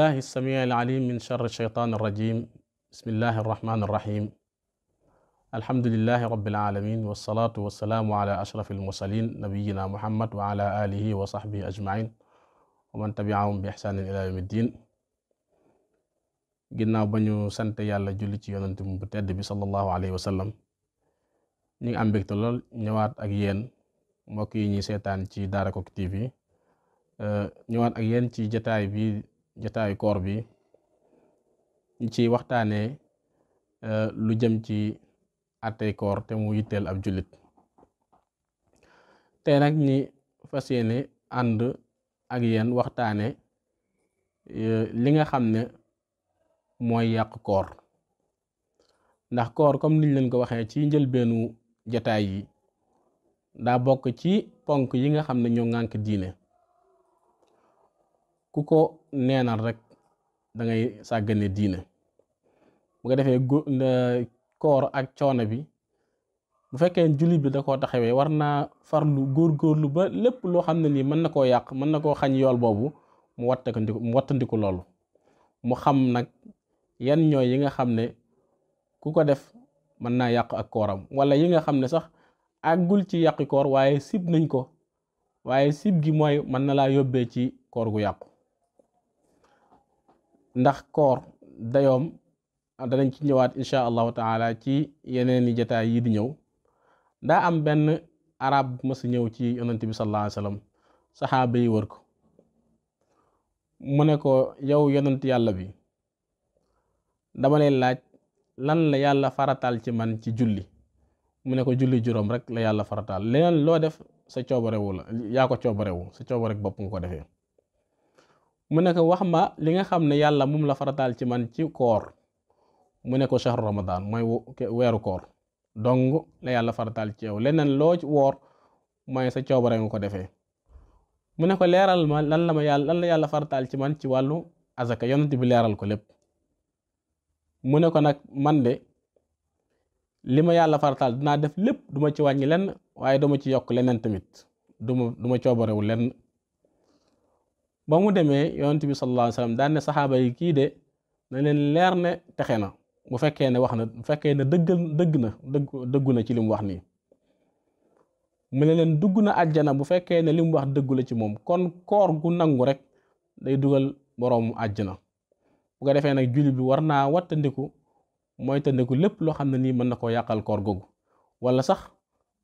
بالله السميع العليم من شر الشيطان الرجيم بسم الله الرحمن الرحيم الحمد لله رب العالمين والصلاة والسلام على أشرف المرسلين نبينا محمد وعلى آله وصحبه أجمعين ومن تبعهم بإحسان إلى يوم الدين ginnaaw ba ñu sant yàlla julli ci yonent bu tedd bi sallallahu alayhi wa sallam ñu ngi am mbégte lool ñëwaat ak yéen mbokk yi ñuy seetaan ci Daara Koki TV ñëwaat ak yéen ci jataay bi jataayu koor bi ñu ci waxtaanee euh, lu jëm ci àttey koor te mu yitteel ab jullit te nag ñi fas yéene ànd ak yenn waxtaane euh, li nga xam ne mooy yàq koor ndax koor comme niñ leen ko waxee ci njëlbeenu jataay yi daa bokk ci ponk yi nga xam ne ñoo ŋànk diine ku ko neenal rek dangay ngay sàggane diine bu nga defee koor ak coono bi bu fekkee jullit bi da koo taxawee war naa farlu góorgóorlu ba lépp loo xam ne nii mën na koo yàq mën na koo xañ yool boobu mu wattandiku loolu mu xam nag yenn ñooy yi nga xam ne ku ko def mën naa yàq ak kooram wala yi nga xam ne sax àggul ci yàqi koor waaye sib nañ ko waaye sib gi mooy mën na laa yóbbee ci koor gu yàqu ndax koor dayoom danañ ci ñëwaat incha allahu taala ci yeneen i jataay yi di ñëw daa am benn arab bu ñëw ci yonent bi sallallahu alayhi wasallam saxaaba yi wër ko mu ne ko yow yonent yàlla bi dama lay laaj lan la yàlla farataal ci man ci julli mu ne ko julli juróom rek la yàlla farataal leneen loo def sa coobarewu la yaa ko coobarewu sa coobare bopp nga ko defee mu ne ko wax ma li nga xam ne yàlla moom la farataal ci man ci koor mu ne ko shahru ramadan mooy weeru koor dong la yàlla farataal ci yow leneen loo ci woor mooy sa coobare nga ko defee mu ne ko leeral ma lan la ma yàlla lan la yàlla farataal ci man ci wàllu azaka yonent bi leeral ko lépp mu ne ko nag man de li ma yàlla farataal dinaa def lépp duma ci wàññi lenn waaye duma ci yokk leneen tamit duma duma coobarewul lenn ba mu demee yonent bi sallallahu alayhi wasallam daan ne saxaaba yi kii de na leen leer ne texe na bu fekkee ne wax na bu fekkee ne dëggal dëgg na dëgg dëggu na ci li mu wax nii mu ne leen dugg na àjjana bu fekkee ne li mu wax dëggu la ci moom kon koor gu nangu rek day dugal boroomu àjjana bu ko defee nag julli bi war naa wattandiku mooy lépp loo xam ne nii mën na koo yàqal koor googu wala sax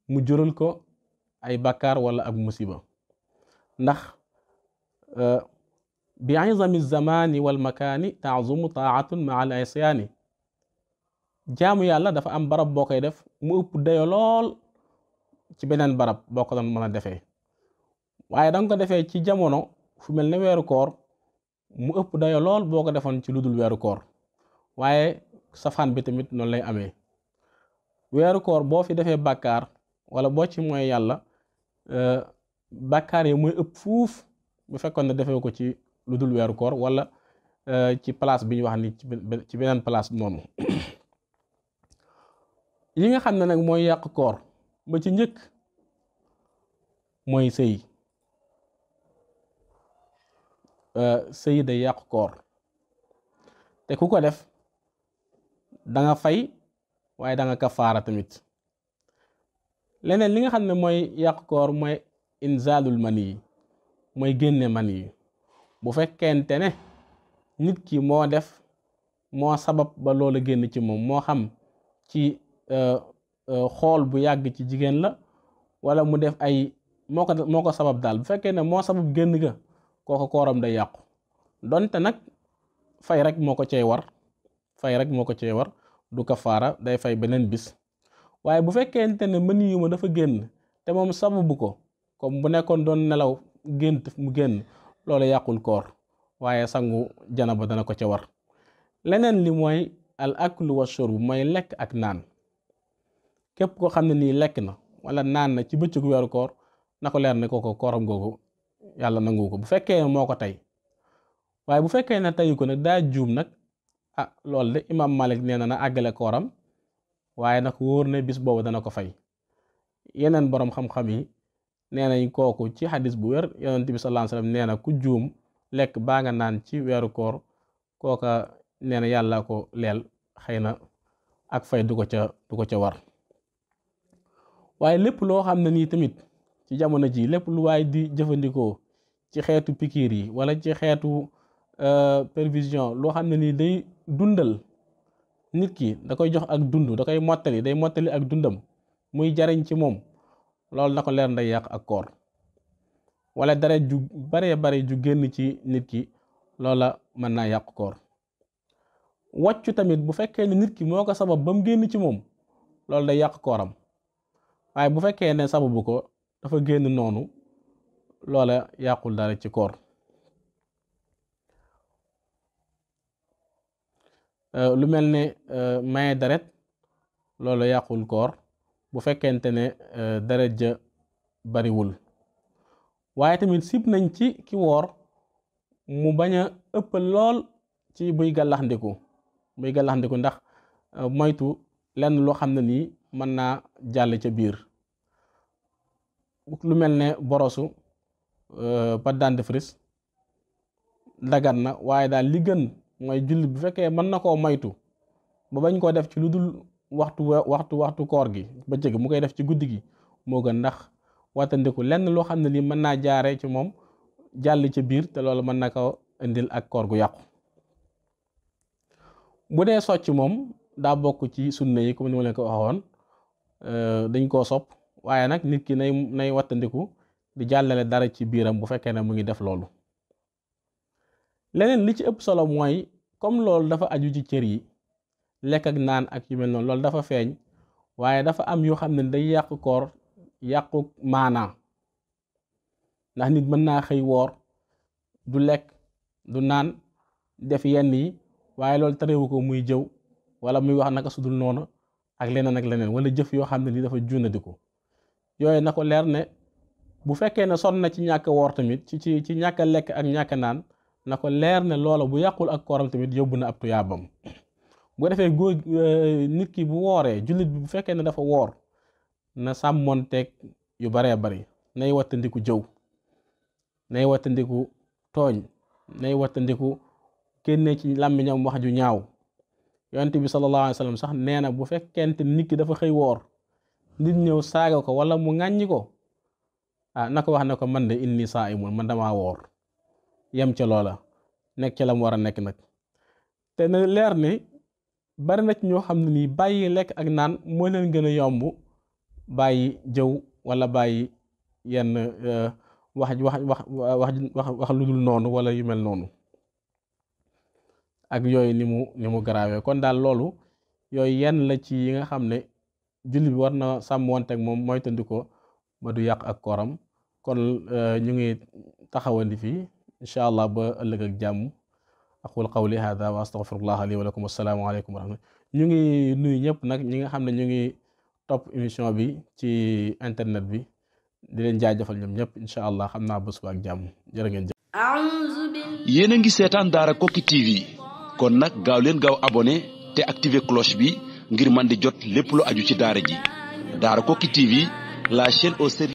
mu jural ko ay bakkaar wala ak musiba ndax bi izami zamani wal makaani taazumu taatun maa al isyaani jaamu yàlla dafa am barab boo koy def mu ëpp dayo lool ci beneen barab boo ko doon mën a defee waaye danga ko defee ci jamono fu mel ne weeru koor mu ëpp dayo lool boo ko defoon ci lu dul weeru koor waaye safaan bi tamit noonu lay amee weeru koor boo fi defee bàkkaar wala boo ci mooy yàlla eh, bàkkaar yi muy ëpp fuuf bu fekkoon ne defee ko ci lu dul weeru koor wala euh, ci place bi ñu wax ni ci beneen place noonu yi nga xam ne nag mooy yàq koor ba ci njëkk mooy sëy euh, sëy day yàq koor te ku ko def danga nga fay waaye danga nga kafaara tamit leneen li nga xam ne mooy yàq koor mooy inzaalul mani mooy génne man yi bu fekkente ne nit ki moo def moo sabab ba loola génn ci moom moo xam ci euh, euh, xool bu yàgg ci jigéen la wala mu def ay moo ko moo ko sabab daal bu fekkee ne moo sabab génn ga kooko kooram day yàqu donte nag fay rek moo ko cey war fay rek moo ko cey war du kafaara day fay beneen bis waaye bu fekkente ne mën yu ma dafa génn te moom sababu ko comme bu nekkoon doon nelaw gént mu génn loolu yàqul koor waaye sangu janaba dana ko ca war leneen li mooy al aklu wa shurb mooy lekk ak naan képp koo xam ne nii lekk na wala naan na ci bëccëgu weeru koor na ko leer ne kooko kooram googu yàlla nangu ko bu fekkee moo ko tey waaye bu fekkee ne teyu ko nag daa juum nag a ah, loolu de imaam Malik nee na na àggale kooram waaye nag wóor ne bis boobu dana ko fay yeneen boroom xam-xam yi nee kooku ci xadis bu wér yonent bi sallallahu alayhi wasallam nee na ku juum lekk baa nga naan ci weeru koor kooka nee yàlla ko leel xëy na ak fay du ko ca du ko ca war waaye lépp loo xam ne nii tamit ci jamono ji lépp lu waaye di jëfandikoo ci xeetu pikiir yi wala ci xeetu euh, perfusion loo xam ne nii day dundal nit ki da koy jox ak dund da koy mottali day mottali ak dundam muy jariñ ci moom loolu na ko leer nday yàq ak koor wala dara ju baree bare ju génn ci nit ki loola mën naa yàq koor wàccu tamit bu fekkee ne nit ki moo ko sabab ba mu génn ci moom loolu day yàq kooram waaye bu fekkee ne sababu ko dafa génn noonu loola yàqul dara ci koor euh, lu mel ne euh, maye deret loola yàqul koor bu fekkente ne e, deret ja bariwul waaye tamit sib nañ ci ki woor mu bañ a ëpp lool ci buy gàllaxndiku buy gàllaxndiku ndax e, moytu lenn loo xam ne nii mën naa jàll ca biir lu mel ne borosu e, pâte dentifrice dagan na waaye daal li gën mooy jullit bu fekkee mën na koo moytu ba bañ koo def ci lu dul waxtu waxtu waxtu koor gi bëccëg mu koy def ci guddi gi moo gën ndax wattandiku lenn loo xam ne lii mën naa jaare ci moom jàll ci biir te loolu mën na ko indil ak koor gu yàqu bu dee socc moom daa bokk ci sunna yi comme ni ma leen ko waxoon euh, dañ koo sopp waaye nag nit ki nay nay wattandiku di jàllale dara ci biiram bu fekkee ne mu ngi def loolu leneen li ci ëpp solo mooy comme loolu dafa aju ci cër yi lekk ak naan ak yu mel noonu loolu dafa feeñ waaye dafa am yoo xam ne day yàq koor yàqu maanaa ndax nit mën naa xëy woor du lekk du naan def yenn yi waaye loolu tarewu ko muy jëw wala muy wax naka sudul noonu ak leneen ak leneen wala jëf yoo xam ne ni dafa junnadi ko yooyu na ko leer ne bu fekkee ne sonn na ci ñàkk woor tamit ci ci ci ñàkk lekk ak ñàkk naan na ko leer ne loola bu yàqul ak kooram tamit yóbbu na ab tuyaabam bu defee góor euh, nit ki bu wooree jullit bi bu fekkee ne dafa woor na sàmmonteeg yu baree bari nay wattandiku jëw nay wattandiku tooñ nay wattandiku génne ci làmmiñam wax ju ñaaw yonent bi sallallahu alayhi wa sax nee na bu fekkente nit ki dafa xëy woor nit ñëw saaga ko wala mu ŋàññi ko ah na ko wax na ko man de inni saa'imun man damaa woor yem ca loola nekk ca la mu war a nekk nag te na leer ni bari na ci ñoo xam ne nii bàyyi lekk ak naan moo leen gën a yomb bàyyi jëw wala bàyyi yenn euh, wax wax wax wax wax ludul noonu wala yu mel noonu ak yooyu ni mu ni mu garaawee kon daal loolu yooyu yenn la ci yi nga xam ne julli bi war na sàmm wante ak moom moytandi ko ba du yàq ak kooram kon euh, ñu ngi taxawandi fii incha allah ba ëllëg ak jàmm. aqul qawli hada wa astaghfirullah li wa lakum assalaamu aleykum wa ñu ngi ñëpp nag ñi nga xam ne ñu ngi topp émission bi ci internet bi di leen jaajëfal ñoom ñëpp incha allah xam naa bés bu jaamu jàmm jërë ngeen jëf yéen a ngi seetaan daara Koki TV kon nag gaaw leen gaaw abonné te activer cloche bi ngir man di jot lépp lu aju ci daara ji daara Koki TV la chaîne au service